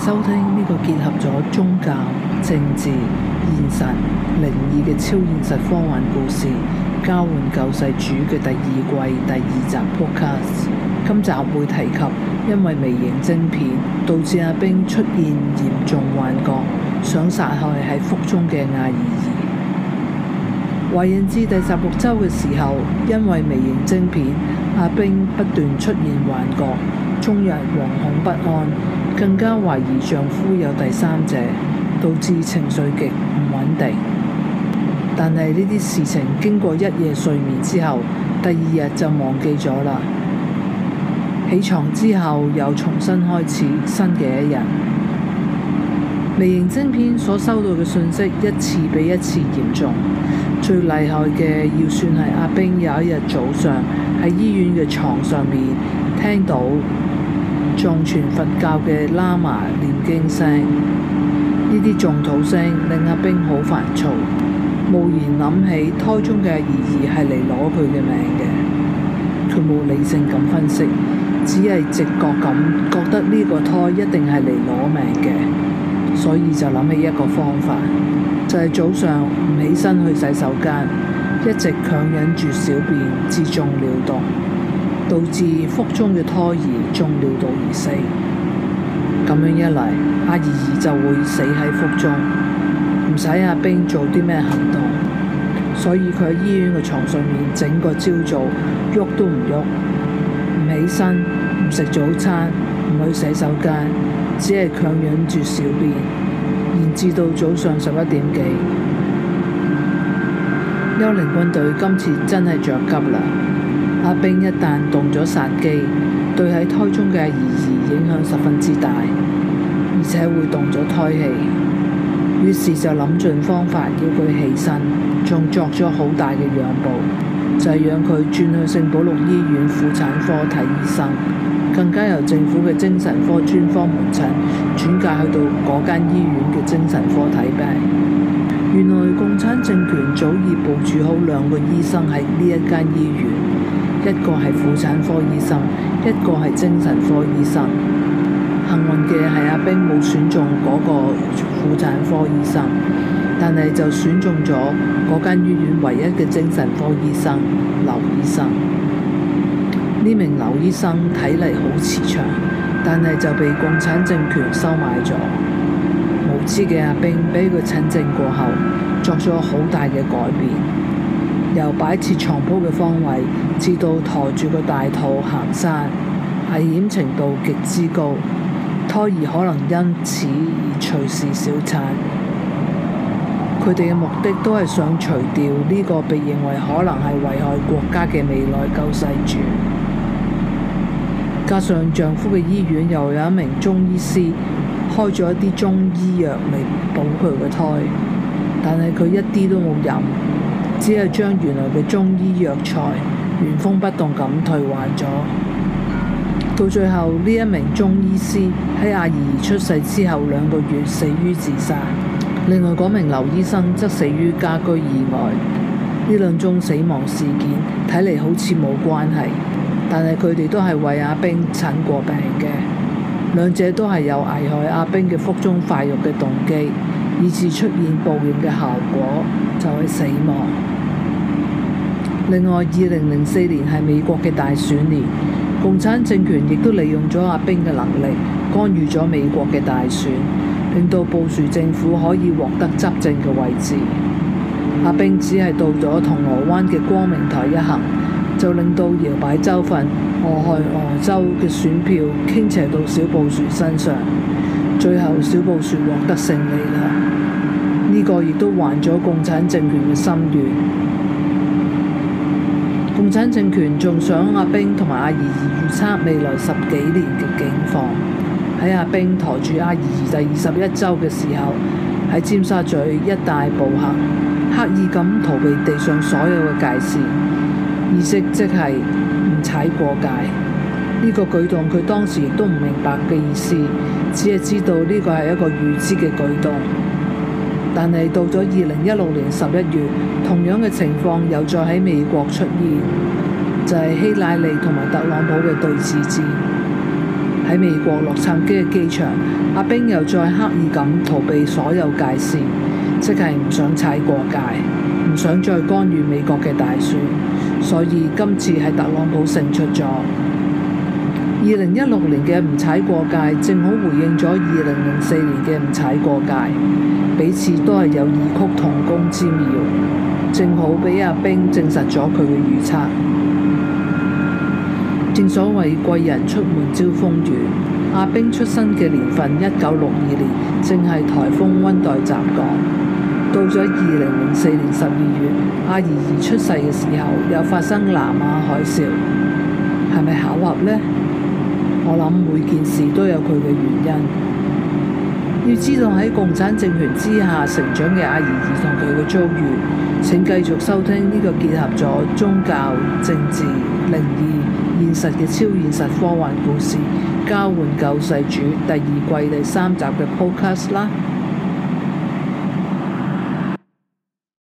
收聽呢個結合咗宗教、政治、現實、靈異嘅超現實科幻故事《交換救世主》嘅第二季第二集 Podcast。今集會提及因為微型晶片導致阿冰出現嚴重幻覺，想殺害喺腹中嘅阿怡怡。懷孕至第十六週嘅時候，因為微型晶片，阿冰不斷出現幻覺。終日惶恐不安，更加懷疑丈夫有第三者，導致情緒極唔穩定。但係呢啲事情經過一夜睡眠之後，第二日就忘記咗啦。起床之後又重新開始新嘅一日。微型晶片所收到嘅信息一次比一次嚴重，最厲害嘅要算係阿兵有一日早上喺醫院嘅床上面聽到，藏傳佛教嘅喇嘛念經聲，呢啲藏土聲令阿兵好煩躁，驀然諗起胎中嘅嬰兒係嚟攞佢嘅命嘅，佢冇理性咁分析，只係直覺咁覺得呢個胎一定係嚟攞命嘅，所以就諗起一個方法，就係、是、早上唔起身去洗手間，一直強忍住小便至中尿毒。導致腹中嘅胎兒中尿道而死，咁樣一嚟，阿怡就會死喺腹中，唔使阿冰做啲咩行動，所以佢喺醫院嘅床上面整個朝早喐都唔喐，唔起身，唔食早餐，唔去洗手間，只係強忍住小便，延至到早上十一點幾，幽靈軍隊今次真係着急啦！阿冰一旦動咗殺機，對喺胎中嘅阿怡影響十分之大，而且會動咗胎氣。於是就諗盡方法叫佢起身，仲作咗好大嘅讓步，就係、是、讓佢轉去聖保祿醫院婦產科睇醫生，更加由政府嘅精神科專科門診轉嫁去到嗰間醫院嘅精神科睇病。原來共產政權早已部署好兩個醫生喺呢一間醫院。一個係婦產科醫生，一個係精神科醫生。幸運嘅係阿冰冇選中嗰個婦產科醫生，但係就選中咗嗰間醫院唯一嘅精神科醫生劉醫生。呢名劉醫生睇嚟好慈祥，但係就被共產政權收買咗。無知嘅阿冰俾佢診症過後，作咗好大嘅改變。由擺設床鋪嘅方位，至到抬住個大肚行山，危險程度極之高，胎兒可能因此而隨時小產。佢哋嘅目的都係想除掉呢個被認為可能係危害國家嘅未來救世主。加上丈夫嘅醫院又有一名中醫師開咗一啲中醫藥嚟補佢嘅胎，但係佢一啲都冇飲。只係將原來嘅中醫藥材原封不動咁退還咗。到最後，呢一名中醫師喺阿怡出世之後兩個月死於自殺，另外嗰名劉醫生則死於家居意外。呢兩宗死亡事件睇嚟好似冇關係，但係佢哋都係為阿冰診過病嘅，兩者都係有危害阿冰嘅腹中塊肉嘅動機。以至出現爆裂嘅效果，就係死亡。另外，二零零四年係美國嘅大選年，共產政權亦都利用咗阿冰嘅能力，干預咗美國嘅大選，令到布殊政府可以獲得執政嘅位置。阿冰只係到咗銅鑼灣嘅光明台一行，就令到搖擺州份俄亥俄州嘅選票傾斜到小布殊身上。最後，小布殊獲得勝利啦！呢個亦都還咗共產政權嘅心願。共產政權仲想阿冰同埋阿怡怡預測未來十幾年嘅景況。喺阿冰抬住阿怡怡第二十一週嘅時候，喺尖沙咀一帶步行，刻意咁逃避地上所有嘅界線，意識即係唔踩過界。呢個舉動，佢當時都唔明白嘅意思，只係知道呢個係一個預知嘅舉動。但係到咗二零一六年十一月，同樣嘅情況又再喺美國出現，就係希拉里同埋特朗普嘅對峙戰喺美國洛杉磯嘅機場，阿兵又再刻意咁逃避所有界線，即係唔想踩過界，唔想再干預美國嘅大選，所以今次係特朗普勝出咗。二零一六年嘅唔踩過界，正好回應咗二零零四年嘅唔踩過界，彼此都係有異曲同工之妙。正好畀阿冰證實咗佢嘅預測。正所謂貴人出門招風雨，阿冰出生嘅年份一九六二年，正係颱風温黛襲港。到咗二零零四年十二月，阿怡怡出世嘅時候，又發生南亞海嘯，係咪巧合呢？我諗每件事都有佢嘅原因。要知道喺共產政權之下成長嘅阿兒子同佢嘅遭遇，請繼續收聽呢個結合咗宗教、政治、靈異、現實嘅超現實科幻故事《交換救世主》第二季第三集嘅 podcast 啦。